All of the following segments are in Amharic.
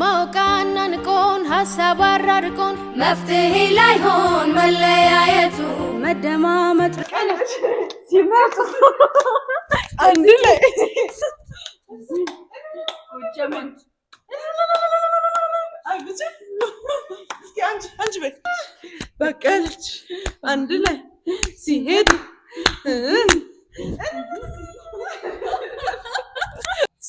ማወቃና ንቆን ሀሳብ አራርቆን መፍትሄ ላይሆን መለያየቱ መደማመጥ ሲመጡ አንድ ላይ በቃ አንድ ላይ ሲሄድ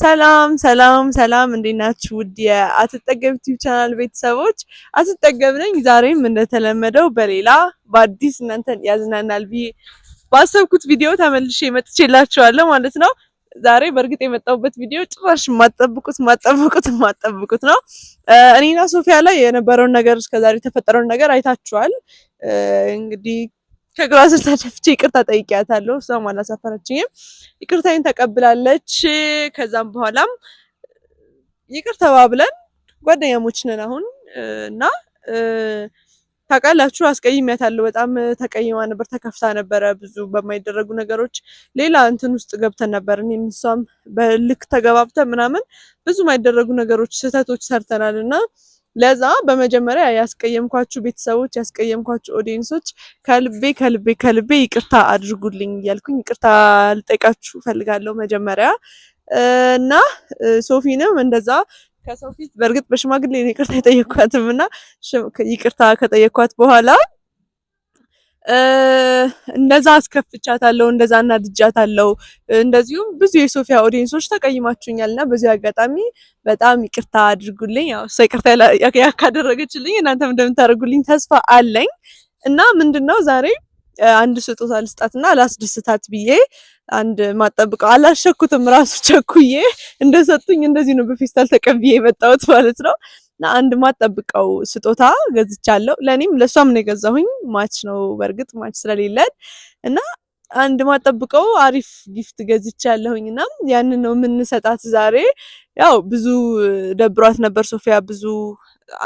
ሰላም ሰላም ሰላም፣ እንዴት ናችሁ? ውድ የአትጠገብ ዩቲዩብ ቻናል ቤተሰቦች አትጠገብ ነኝ። ዛሬም እንደተለመደው በሌላ በአዲስ እናንተን ያዝናናል ብዬ ባሰብኩት ቪዲዮ ተመልሼ መጥቼላችኋለሁ ማለት ነው። ዛሬ በእርግጥ የመጣሁበት ቪዲዮ ጭራሽ ማጠብቁት ማጠብቁት ማጠብቁት ነው። እኔና ሶፊያ ላይ የነበረውን ነገር እስከዛሬ የተፈጠረውን ነገር አይታችኋል። እንግዲህ ከግራ ስር ተደፍቼ ይቅርታ ጠይቂያታለሁ። እሷም አላሳፈረችኝም፣ ይቅርታዬን ተቀብላለች። ከዛም በኋላም ይቅር ተባብለን ጓደኛሞች ነን አሁን እና ታውቃላችሁ አስቀይሜያታለሁ። በጣም ተቀይማ ነበር፣ ተከፍታ ነበረ። ብዙ በማይደረጉ ነገሮች ሌላ እንትን ውስጥ ገብተን ነበር። እኔም እሷም በልክ ተገባብተን ምናምን ብዙ የማይደረጉ ነገሮች ስህተቶች ሰርተናል እና ለዛ በመጀመሪያ ያስቀየምኳችሁ ቤተሰቦች ያስቀየምኳችሁ ኦዲየንሶች ከልቤ ከልቤ ከልቤ ይቅርታ አድርጉልኝ እያልኩኝ ይቅርታ ልጠይቃችሁ ፈልጋለሁ መጀመሪያ እና ሶፊንም እንደዛ ከሰው ፊት በእርግጥ በሽማግሌ ይቅርታ የጠየኳትም እና ይቅርታ ከጠየኳት በኋላ እንደዛ አስከፍቻታለሁ፣ እንደዛ እናድጃታለሁ። እንደዚሁም ብዙ የሶፊያ ኦዲየንሶች ተቀይማችሁኛል እና በዚህ አጋጣሚ በጣም ይቅርታ አድርጉልኝ። ያው እሷ ይቅርታ እናንተም እንደምታደርጉልኝ ተስፋ አለኝ እና ምንድን ነው ዛሬ አንድ ስጦታ ልስጣትና ላስደስታት ብዬ አንድ ማጠብቀው አላሸኩትም። ራሱ ቸኩዬ እንደሰጡኝ እንደዚህ ነው በፌስታል ተቀብዬ የመጣሁት ማለት ነው። አንድ ማጠብቀው ስጦታ ገዝቻለሁ። ለእኔም ለእሷም ነው የገዛሁኝ። ማች ነው በእርግጥ ማች ስለሌለን እና አንድ ማጠብቀው አሪፍ ጊፍት ገዝቻለሁኝ እና ያንን ነው የምንሰጣት ዛሬ። ያው ብዙ ደብሯት ነበር ሶፊያ፣ ብዙ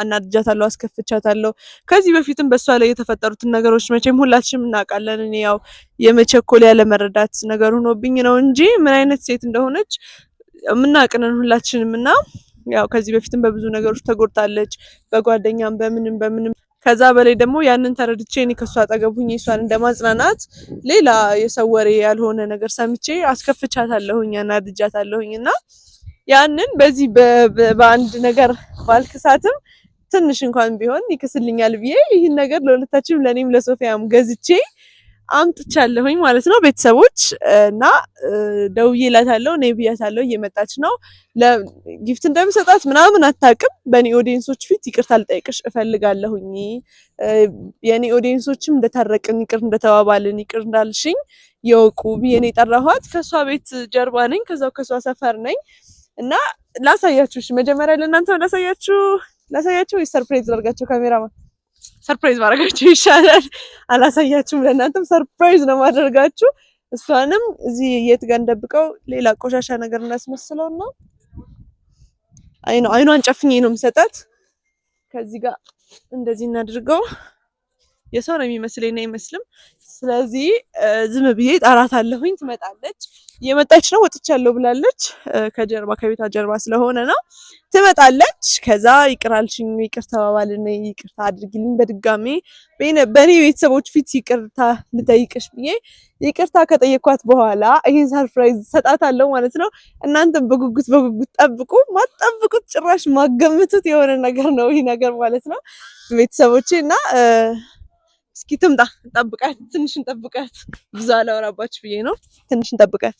አናድጃታለሁ፣ አስከፍቻታለሁ። ከዚህ በፊትም በእሷ ላይ የተፈጠሩትን ነገሮች መቼም ሁላችንም እናውቃለን። እኔ ያው የመቸኮል ያለመረዳት ነገር ሆኖብኝ ነው እንጂ ምን አይነት ሴት እንደሆነች የምናቅንን ሁላችንም እና ያው ከዚህ በፊትም በብዙ ነገሮች ተጎድታለች፣ በጓደኛም በምንም በምንም። ከዛ በላይ ደግሞ ያንን ተረድቼ እኔ ከእሷ አጠገብ ሁኜ እሷን እንደማጽናናት ሌላ የሰው ወሬ ያልሆነ ነገር ሰምቼ አስከፍቻታለሁኝ፣ አናድጃታለሁኝ እና ያንን በዚህ በአንድ ነገር ባልክሳትም ትንሽ እንኳን ቢሆን ይክስልኛል ብዬ ይህን ነገር ለሁለታችንም ለእኔም ለሶፊያም ገዝቼ አምጥቻለሁኝ ማለት ነው ቤተሰቦች እና ደውዬላታለሁ፣ እኔ ብያታለሁ፣ እየመጣች ነው። ለጊፍት እንደምሰጣት ምናምን አታውቅም። በእኔ ኦዲየንሶች ፊት ይቅርታ ልጠይቅሽ እፈልጋለሁኝ። የእኔ ኦዲየንሶችም እንደታረቅን ይቅር እንደተባባልን ይቅር እንዳልሽኝ የወቁ ብዬ ነው የጠራኋት። ከእሷ ቤት ጀርባ ነኝ፣ ከዛው ከእሷ ሰፈር ነኝ እና ላሳያችሁ። መጀመሪያ ለእናንተ ላሳያችሁ ላሳያችሁ፣ ሰርፕራይዝ ላድርጋችሁ ካሜራማን ሰርፕራይዝ ማድረጋችሁ ይሻላል። አላሳያችሁም፣ ለእናንተም ሰርፕራይዝ ነው ማድረጋችሁ። እሷንም እዚህ የት ጋር እንደብቀው ሌላ ቆሻሻ ነገር እናስመስለው ነው። አይኗን ጨፍኜ ነው የምሰጣት። ከዚህ ጋር እንደዚህ እናድርገው። የሰው ነው የሚመስለኝ አይመስልም። ስለዚህ ዝም ብዬ ጣራት አለሁኝ። ትመጣለች። እየመጣች ነው። ወጥቻለሁ ብላለች። ከጀርባ ከቤቷ ጀርባ ስለሆነ ነው። ትመጣለች። ከዛ ይቅር አልሽኝ፣ ይቅር ተባባልን፣ ይቅርታ አድርግልኝ በድጋሚ በእኔ ቤተሰቦች ፊት ይቅርታ ልጠይቅሽ ብዬ ይቅርታ ከጠየኳት በኋላ ይህን ሰርፕራይዝ ሰጣታለሁ ማለት ነው። እናንተም በጉጉት በጉጉት ጠብቁ። ማጠብቁት ጭራሽ ማገምቱት የሆነ ነገር ነው ይህ ነገር ማለት ነው ቤተሰቦቼ እና እስኪ ትምጣ፣ እንጠብቃት። ትንሽ እንጠብቃት። ብዙ አላወራባችሁ ብዬ ነው። ትንሽ ጠብቃት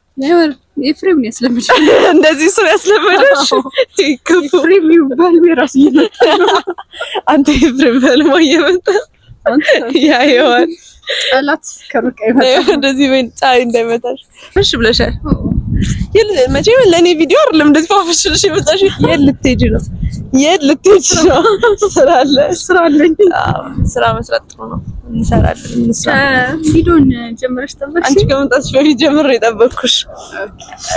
ኤፍሬም ነው ያስለመደሽ። እንደዚህ እሱ ያስለመደሽ ኤፍሬም ይባል ራሱ እየመጣ አንተ ኤፍሬም በልማ እየመጣ ያየዋል ጠላት ከሩቅ ይመጣል። እንደዚህ ምን ጣይ እንዳይመታሽ እሺ ብለሻል። መቼም ለእኔ ቪዲዮ አይደለም እንደዚህ ፋፍሽልሽ የመጣሽ የት ልትሄጂ ነው? የት ልትሄጂ ነው? ስራ አለ ስራ አለኝ። ስራ መስራት ጥሩ ነው። እንሰራለን። ቪዲዮን ጀምረሽ ጠበቅሽ? አንቺ ከመምጣትሽ በፊት ጀምሬ የጠበቅኩሽ።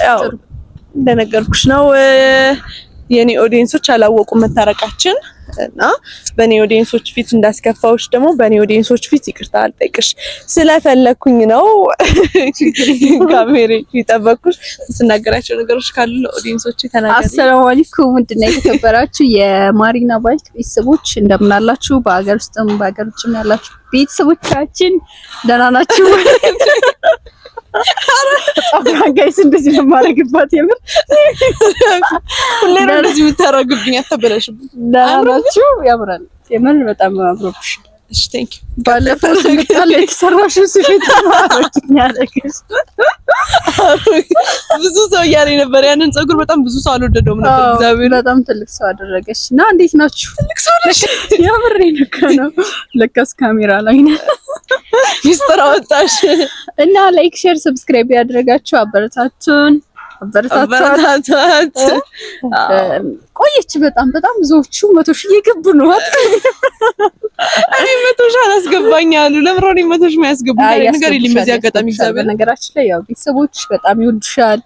ያው እንደነገርኩሽ ነው። የኔ ኦዲየንሶች አላወቁም መታረቃችን እና በኔ ኦዲየንሶች ፊት እንዳስከፋዎች ደግሞ በኔ ኦዲየንሶች ፊት ይቅርታ አልጠይቅሽ ስለፈለኩኝ ነው። ካሜሬ ይጠበቅኩሽ ስናገራቸው ነገሮች ካሉ ለኦዲየንሶች ተናገ አሰላሙ አለይኩም የተከበራችሁ የማሪና ባልክ ቤተሰቦች እንደምናላችሁ፣ በሀገር ውስጥም በሀገር ውጭም ያላችሁ ቤተሰቦቻችን ደህና ናችሁ? ጸጉሯን ጋይስ እንደዚህ ነው የማደርግባት። የምር ሁሌ ነው እንደዚህ የምታደርግብኝ። አታበላሽብኝ። ያምራል። የምር በጣም አምሮብሽ ባለፈው የተሰራሽ ስፌት ብዙ ሰው እያለ ነበር። ያንን ጸጉር በጣም ብዙ ሰው አልወደደውም ነበር። እግዚአብሔር በጣም ትልቅ ሰው አደረገች እና እንዴት ናችሁ? ትልቅ ሰው ነሽ። ያምር ልክ ነው። ለካስ ካሜራ ላይ ነው ሚስጥር አወጣሽ። እና ላይክ፣ ሼር፣ ሰብስክራይብ ያደረጋችሁ አበረታቱን። አበረታታት። ቆየች በጣም በጣም ብዙዎቹ መቶ ሺህ እየገቡ ነው። እኔ መቶ ሺህ አላስገባኝ አሉ። ለምሮ እኔ መቶ ሺህ የማያስገቡኝ ነገር የለም። በዚህ አጋጣሚ እግዚአብሔር ነገራችን ላይ ያው ቤተሰቦች በጣም ይወዱሻል፣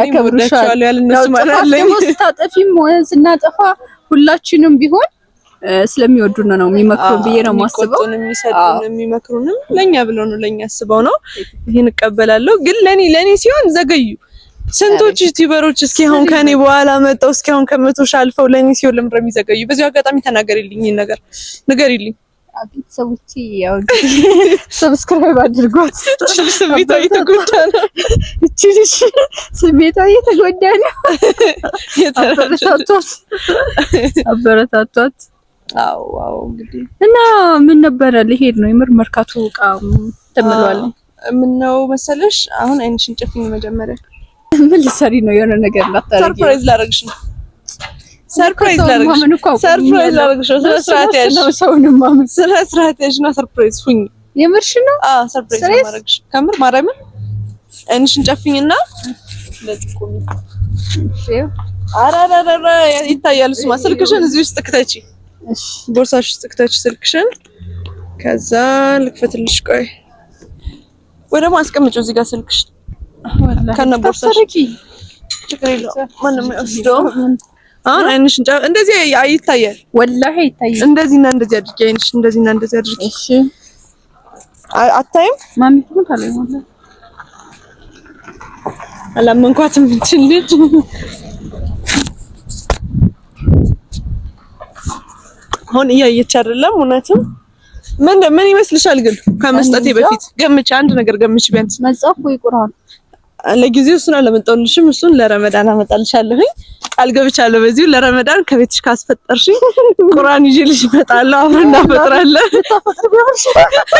ያከብሩሻል። ያልነሱ ማለት ስታጠፊም ስናጠፋ ሁላችንም ቢሆን ስለሚወዱን ነው የሚመክሩን ብዬ ነው የማስበው። የሚሰጡን የሚመክሩንም ለኛ ብለው ነው ለኛ አስበው ነው። ይሄን እቀበላለሁ። ግን ለኔ ለኔ ሲሆን ዘገዩ ስንቶች ዩቲዩበሮች እስኪ አሁን ከኔ በኋላ መጣው እስኪ አሁን ከመቶ ሺህ አልፈው ለኔ ሲሆን ለምንድን ነው የሚዘገዩ? በዚህ አጋጣሚ ተናገሪልኝ፣ ነገር ንገሪልኝ። ቤተሰቦቼ ያው ሰብስክራይብ አድርጓት። ስሜቷ እየተጎዳ ነው፣ እችልሽ ስሜቷ እየተጎዳ ነው። አበረታቷት፣ አበረታቷት። አዎ አዎ። እንግዲህ እና ምን ነበረ ልሄድ ነው የምር መርካቶ ዕቃ ተምለዋል። ነው መሰለሽ አሁን አይንሽን ጨፍኝ መጀመሪያ ምን ልትሰሪ ነው? የሆነ ነገር እንዳታረጊ። ሰርፕራይዝ ላደርግሽ ነው። ሰርፕራይዝ ላደርግሽ ሰርፕራይዝ ላደርግሽ ነው። ስነ ስርዓት ነው። ሰውንም ማመን ስነ ስርዓት ያለሽ ነው። ሰርፕራይዝ ሁኝ። የምርሽ ነው? አዎ ሰርፕራይዝ ማድረግሽ ከምር ማርያምን እንሽን ጨፍኝና ለጥቁሚ አራራራ ይታያል። እሱማ ስልክሽን እዚህ ውስጥ ክተቺ፣ ቦርሳሽ ውስጥ ክተቺ ስልክሽን። ከዛ ልክፈትልሽ። ቆይ እዚህ ጋር ስልክሽን ከነቦርሳ ችግር የለውም። ማንም አይወስደውም። አሁን አይንሽን ጫፍ እንደዚህ ይታያል። ወላሂ ይታያል። እንደዚህና እንደዚህ አድርጊ። አይንሽ እንደዚህና እንደዚህ አድርጊ። እሺ፣ አታይም? ማሚቱ አላመንኳትም። ልጅ አሁን እያየች አይደለም። እውነትም ምን ምን ይመስልሻል? ግን ከመስጠቴ በፊት ገምቼ አንድ ነገር ገምቼ ቢያንስ መጽሐፍ ወይ ቁርአን ለጊዜው እሱን አለመጣሁልሽም። እሱን ለረመዳን አመጣልሻለሁኝ። አልገብቻለሁ በዚሁ ለረመዳን ከቤትሽ ካስፈጠርሽኝ ቁርአን ይዤልሽ እመጣለሁ። አብረን እናፈጥራለን።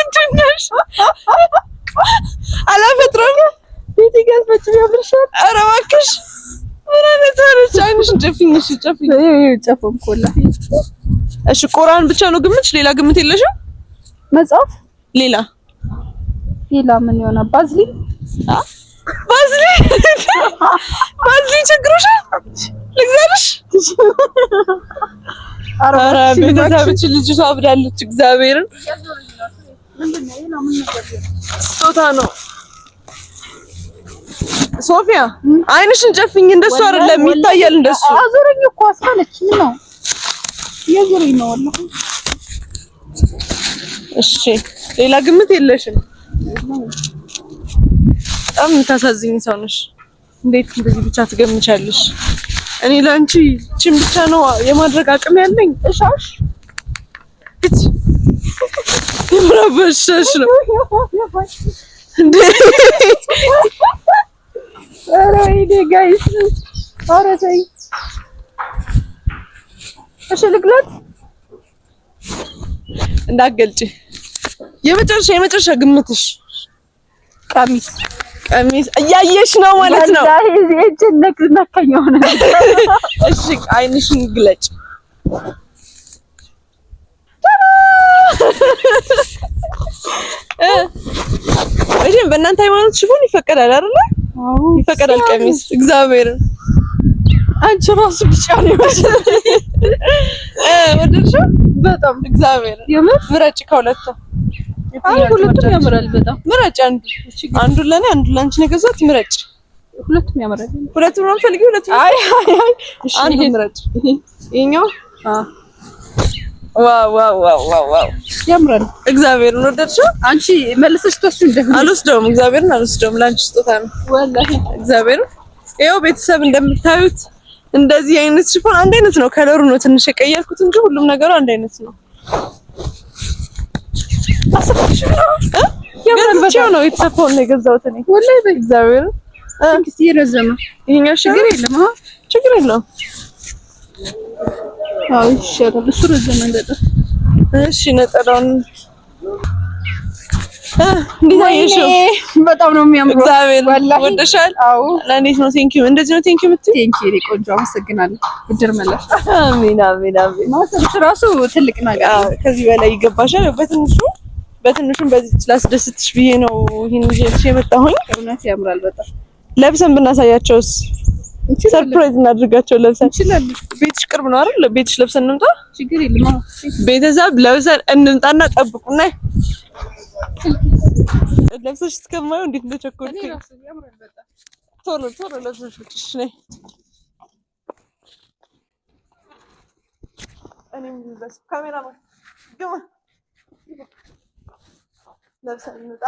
እንትነሽ አላፈጥረም ቤት ይገዝበች ያብርሻል። ኧረ እባክሽ ምን አይነት ሆነች? አይንሽ ጨፍኝሽ ጨፍኝ ጨፍም ኮላ። እሺ ቁርአን ብቻ ነው ግምትሽ? ሌላ ግምት የለሽም? መጽሐፍ ሌላ ሌላ ምን ይሆናል? ባዝሊን ባዝሊን ችግሮሻል ልግዛልሽ? ኧረ ቤተሰብችን ልጅቷ አብዳለች። እግዚአብሔርን ስጦታ ነው። ሶፊያ አይንሽን ጨፍኝ። እንደሱ አይደለም ይታያል። እንደሱ አዙሪኝ እኮ አስካለች። ምን ነው የዙሪኝ ነው ወላሂ። እሺ ሌላ ግምት የለሽም? በጣም የምታሳዝኝ ሰው ነሽ። እንዴት እንደዚህ ብቻ ትገምቻለሽ? እኔ ለአንቺ ችን ብቻ ነው የማድረግ አቅም ያለኝ። እሻሽ የምራበሻሽ ነው እንዴ? ኧረ ወይኔ ጋይስ፣ ኧረ ተይ። እሺ ልግላት እንዳገልጭ የመጨረሻ የመጨረሻ ግምትሽ ቀሚስ ቀሚስ እያየሽ ነው ማለት ነው። እሺ አይንሽን ግለጭ። እሺም በእናንተ ሃይማኖት ሽፎን ይፈቀዳል አይደለ? ይፈቀዳል ቀሚስ። እግዚአብሔር አንቺ ራሱ ብቻ ነው ወደድሽው? በጣም እግዚአብሔር ምረጭ ከሁለቱ አይ ሁለቱም ያምራል በጣም ምረጭ። አንዱ አንዱ ለኔ አንዱ ለአንቺ ነው የገዛሁት። ምረጭ። ሁለቱም ያምራል። ሁለቱም ነው የምፈልጊው? ሁለቱም። አይ አይ አይ አንዱ ምረጭ። ይሄኛው አዎ ዋው ዋው ዋው ዋው ያምራል። እግዚአብሔር ነው ወደድሽው? አንቺ መልሰሽ ተወስዱ እንደምን አልወስደውም። እግዚአብሔርን አልወስደውም። ለአንቺ ስጦታ ነው ወላሂ። እግዚአብሔር ይኸው ቤተሰብ እንደምታዩት እንደዚህ አይነት ሽፎን አንድ አይነት ነው። ከለሩ ነው ትንሽ የቀየርኩት እንጂ ሁሉም ነገሩ አንድ አይነት ነው። ገዝቼው ነው የተሰፋውን ነው የገዛሁት እኔ ወላሂ በእግዚአብሔር እስኪ የረዘመ ይሄኛው ችግር የለም አዎ ችግር የለውም አዎ ይሻላል እሱ ረዘመ በጣም እሺ ነጠላውን በጣም ነው የሚያምረው እግዚአብሔር ወደሻል አዎ ለእኔት ነው ቴንኪው እንደዚህ ነው ቴንኪው የምትይው ቴንኪው የእኔ ቆንጆ አመሰግናለሁ ብድር መለስ አሜን አሜን አሜን ራሱ ትልቅ ነገር ከዚህ በላይ ይገባሻል በትንሹ በትንሹም በዚህ ላስደስትሽ ብዬ ነው ይሄን ይዤ የመጣሁኝ። እውነት ያምራል በጣም ለብሰን ብናሳያቸውስ ሰርፕራይዝ እናድርጋቸው። ለብሰን ቤትሽ ቅርብ ነው አይደል? ቤትሽ ለብሰን እንምጣ። ችግር የለም። ቤተሰብ ለብሰን እንምጣና ጠብቁና ለብሰሽ እስከማየው እንዴት እንደቸኮልኩ ቶሎ ቶሎ ለብሰሽ ውጭሽ ነይ። እኔም ልበስ ካሜራ ግማ ለብሰን እንውጣ።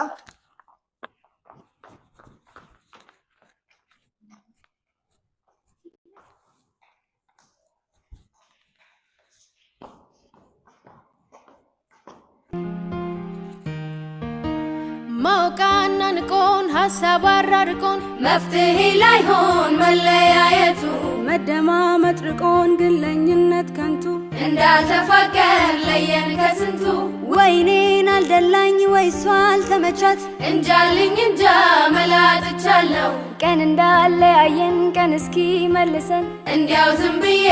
ማውቃና ንቆን ሀሳብ አራርቆን መፍትሄ ላይሆን መለያየቱ መደማመጥ ርቆን ግለኝነት ከንቱ እንዳልተፋቀር እሷ አልተመቻት እንጃልኝ እንጃ መላጥቻለሁ ቀን እንዳለያየን ቀን እስኪ መልሰን እንዲያው ዝም ብዬ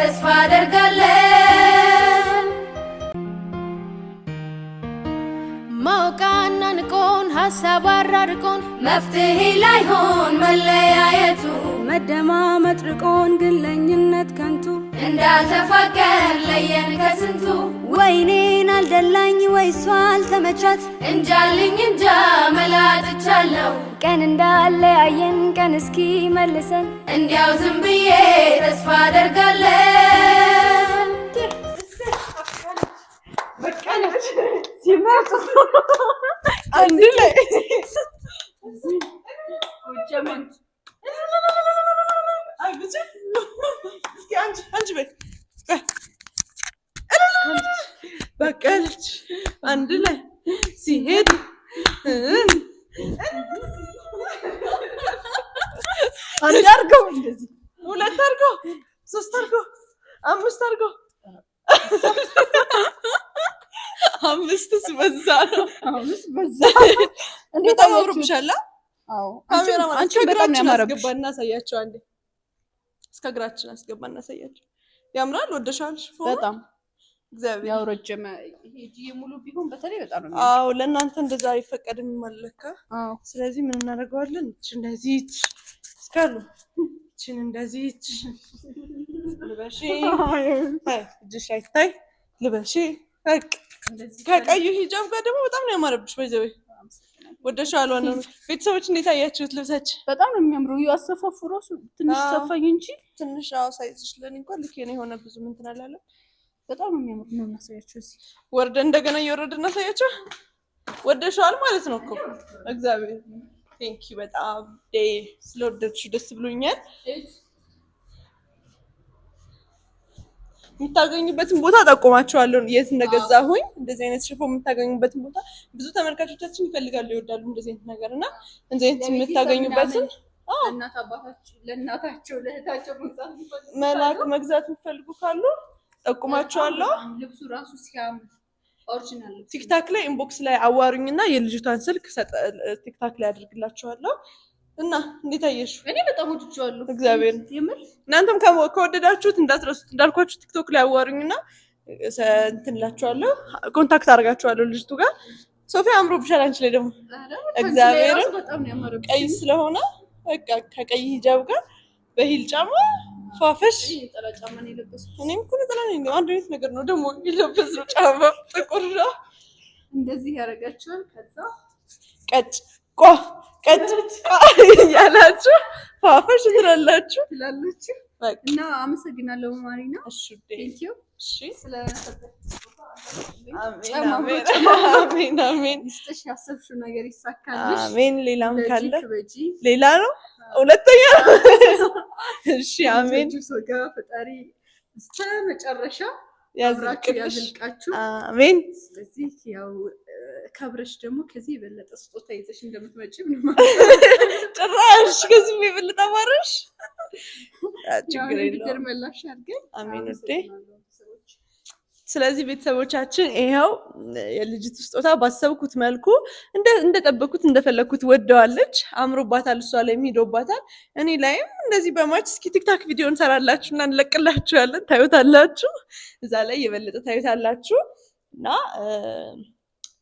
ተስፋ አደርጋለን ማወቃና ንቆን ሀሳብ አራርቆን መፍትሄ ላይሆን መለያየቱ መደማመጥ ርቆን ግለኝነት ከንቱ እንዳልተፋቀር ለየን ከስንቱ ወይኔን አልደላኝ ወይሷ አልተመቻት እንጃልኝ እንጃ መላጥቻለሁ ቀን እንዳለያየን ቀን እስኪ መልሰን እንዲያው ዝም ብዬ ተስፋ አደርጋለን አንድ ላይ አንቺ በይ በቃ አንድ ላይ ሲሄድ አንድ አድርገው እንደዚህ ሁለት አድርገው ሶስት አድርገው አምስት አድርገው አምስትስ በዛ ነው። አምስት በዛ እንዴት አምሮብሻል። አዎ አንቺ በጣም እናሳያቸው አንዴ እስከ እግራችን አስገባ እናሳያቸው። ያምራል። ወደሻል ሽፎ በጣም እግዚአብሔር ያው ረጀመ ሙሉ ቢሆን በተለይ በጣም ነው። አዎ ለእናንተ እንደዛ አይፈቀድም ማለካ። አዎ ስለዚህ ምን እናደርገዋለን? እቺ እንደዚህ እቺ እስካሉ እቺን እንደዚህ እቺ ልበሺ፣ እጅሽ አይታይ ልበሺ። በቃ ከቀዩ ሂጃብ ጋር ደግሞ በጣም ነው ያማረብሽ። በዚህ ወደሻ ነው። ቤተሰቦች እንዴት አያችሁት? ልብሳች በጣም ነው የሚያምረው። አሰፋፉ ራሱ ትንሽ ሰፋኝ እንጂ ትንሽ አዎ፣ ሳይዝሽ ለኔ እንኳን ልክ ነው የሆነ ብዙ ምን ትናላለ። በጣም ነው የሚያምሩ ነው እናሳያችሁ። እዚህ ወርደ እንደገና እየወረድ እናሳያችሁ። ወደሻዋል ማለት ነው እኮ እግዚአብሔር ቴንኪው። በጣም ዴ ስለወደድሽ ደስ ብሎኛል። የምታገኙበትን ቦታ ጠቁማቸዋለሁ። የት እንደገዛሁኝ እንደዚህ አይነት ሽፎ የምታገኙበትን ቦታ ብዙ ተመልካቾቻችን ይፈልጋሉ፣ ይወዳሉ እንደዚህ አይነት ነገር እና እንደዚህ አይነት የምታገኙበትን ለእናታቸው ለእህታቸው መላክ መግዛት የሚፈልጉ ካሉ ጠቁማቸዋለሁ። ልብሱ ራሱ ሲያምር ኦሪጂናል ቲክታክ ላይ ኢንቦክስ ላይ አዋሩኝና የልጅቷን ስልክ ቲክታክ ላይ አድርግላቸዋለሁ። እና እንዴት አየሽ? እኔ በጣም ወድጄዋለሁ። እግዚአብሔር ይመስገን። እናንተም ከወደዳችሁት እንዳትረሱት። እንዳልኳችሁ ቲክቶክ ላይ አዋሩኝ እና እንትን እላችኋለሁ፣ ኮንታክት አድርጋችኋለሁ ልጅቱ ጋር። ሶፊያ አምሮ አምሮብሻል። አንቺ ላይ ደግሞ እግዚአብሔር ቀይ ስለሆነ በቃ ከቀይ ሂጃብ ጋር በሂል ጫማ ፏፈሽ። እኔም እኮ ነጠላ አንድ አይነት ነገር ነው ደግሞ የለበስነው ጫማ ጥቁር ነው። እንደዚህ ያደርጋችኋል። ከዛ ቀጭ ቆ ቀጭ እያላችሁ ፋፈሽ ትላላችሁ ትላላችሁ። እና አመሰግናለሁ ማሪና። እሺ ነገር ይሳካልሽ። አሜን። ሌላም ካለ ሌላ ነው ሁለተኛ ነው። እሺ አሜን። ፈጣሪ እስከ መጨረሻ ያዝልቃችሁ ያዝልቃችሁ። አሜን። ስለዚህ ያው ከብረሽ ደግሞ ከዚህ የበለጠ ስጦታ ይዘሽ እንደምትመጪ ጭራሽ ከዚህ ችግር የለውም። አሜን ስለዚህ ቤተሰቦቻችን ይኸው የልጅት ስጦታ ባሰብኩት መልኩ እንደጠበኩት እንደፈለግኩት ወደዋለች። አምሮባታል፣ እሷ ላይ ሂዶባታል። እኔ ላይም እንደዚህ በማች እስኪ ቲክታክ ቪዲዮ እንሰራላችሁ እና እንለቅላችኋለን። ታዩታላችሁ፣ እዛ ላይ የበለጠ ታዩታላችሁ። እና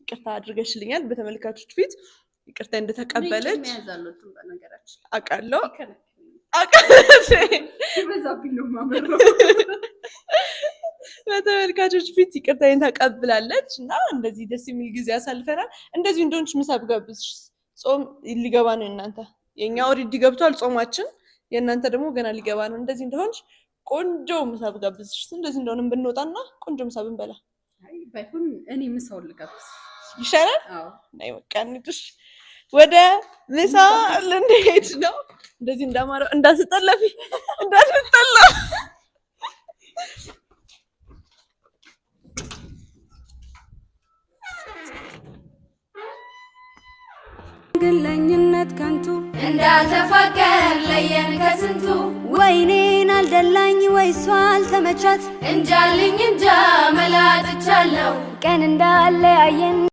ይቅርታ አድርገሽልኛል በተመልካቾች ፊት ይቅርታ እንደተቀበለች አውቃለሁ። አውቃለሁ በተመልካቾች ፊት ይቅርታዬን ተቀብላለች እና እንደዚህ ደስ የሚል ጊዜ ያሳልፈናል። እንደዚህ እንደሆንች ምሳብ ብጋብዝ ጾም ሊገባ ነው እናንተ የእኛ ኦልሬዲ ገብቷል ጾማችን፣ የእናንተ ደግሞ ገና ሊገባ ነው። እንደዚህ እንደሆንች ቆንጆ ምሳብ ጋብዝ። እንደዚህ እንደሆነ ብንወጣና ቆንጆ ምሳብ ብንበላ ባይሆን እኔ ምሳውን ልጋብዝ ይሻላል። ናይ መቃኒጥሽ ወደ ምሳ ልንሄድ ነው። እንደዚህ እንዳማረው እንዳስጠለፊ እንዳስጠላ ግለኝነት ከንቱ እንዳልተፋቀር ለየን ከስንቱ ወይኔን አልደላኝ ወይሷ አልተመቻት እንጃልኝ እንጃ መላጥቻለሁ ቀን እንዳለያየን